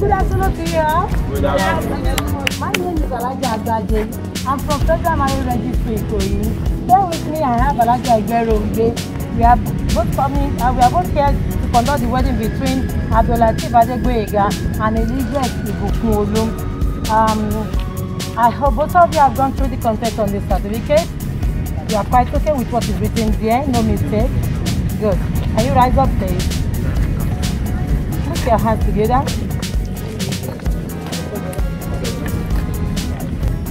Good afternoon to My name is Alaja Agbaje. I'm from Federal Marine Registry Ikoyi. Here with me, I have Alaja Igberogbe. We are both coming and we are both here to conduct the wedding between Abdulateef Adegboyega and Elizabeth Ibukun Olum. Um, I hope both of you have gone through the content on this certificate. You are quite okay with what is written there, no mistake. Good. Can you rise up, please? Put your hands together.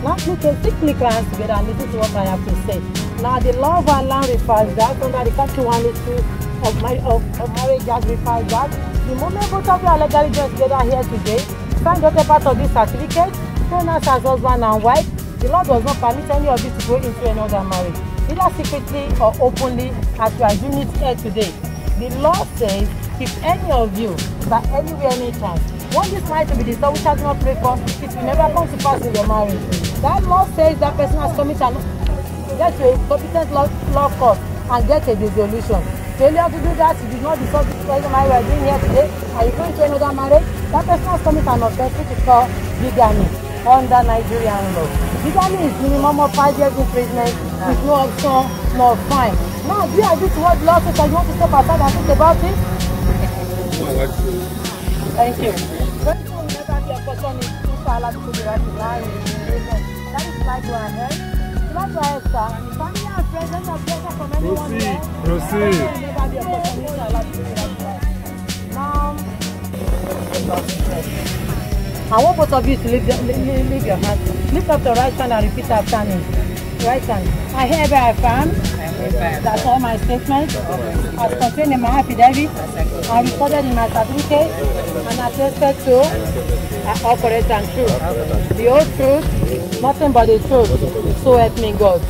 That means take three clients together and listen to what I have to say. Now, the law of our land refers that under the Country 182 of, my, of, of marriage act refers that the moment both of you are legally joined together here today, sign the other part of this certificate, known as husband and wife, the law does not permit any of you to go into another marriage, either secretly or openly, as you are doing it here today. The law says if any of you, by anywhere, any chance, Want this to be the we shall not pray for, it will never come to pass in your marriage. That law says that person has committed an get a competent law, law court and get a dissolution. Failure to do that, you did not dissolve this present marriage we are doing here today. Are you going to another marriage? That person has committed an offense which is called bigamy under Nigerian law. Bigamy is minimum of five years imprisonment with no option, no fine. Now, do you agree to what the law says and you want to step aside and think about it? Thank you. Going to never be opportunity to follow to be right line. That is like to our head. Not to our sir. Family and friends, there's no pressure from anyone proceed, there. Proceed. Going to never be opportunity to follow to the right line. I want both of you to leave, leave, leave your hands. Lift up the right hand and repeat after me. Right Welcome. I hereby affirm that all my statements as contained in my affidavit are recorded in my certificate and attested to are uh, all correct and true. The old truth, nothing but the truth. So help me God.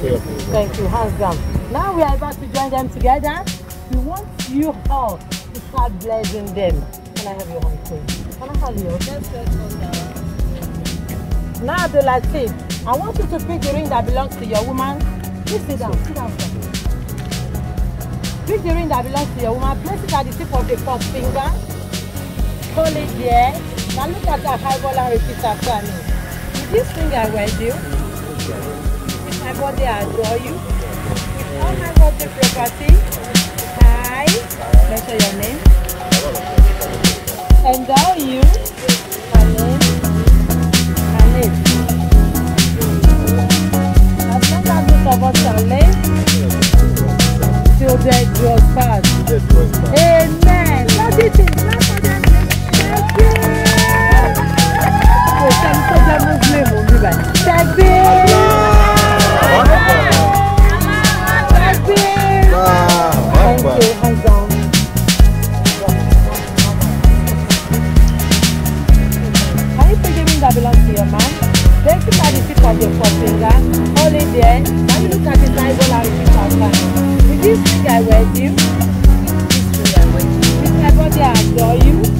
Thank you. Hands down. Now we are about to join them together. We want you all to start blessing them. Can I have your hand, please? Can I have you? Now, the Abdul Latif. I want you to pick the ring that belongs to your woman. Please sit down, sit down. Pick the ring that belongs to your woman. Place it at the tip of the first finger. Hold it there. Now look at that high ball and repeat after me. With this ring I wear you. With my body I adore you. With all my worldly property. I measure your name. And all concernés. Till death do us part. Amen. That's it. Thank you. Oh, ça me Thank you. Thank you Thank you, Maddie. at your forefinger, hold it there, and you look at the Bible and repeat after me. With this ring I wear you, this ring I wear you. With my body I adore you.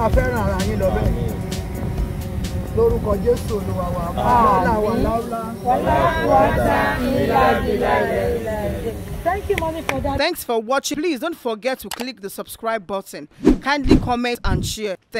máa fẹ́ràn ara yín lọ bẹ́ẹ̀ lórúkọ jésù olúwa àmàlà wà láúlá. Thank you, mommy, for that. Thanks for watching. Please don't forget to click the subscribe button. Kindly comment and share. Thanks.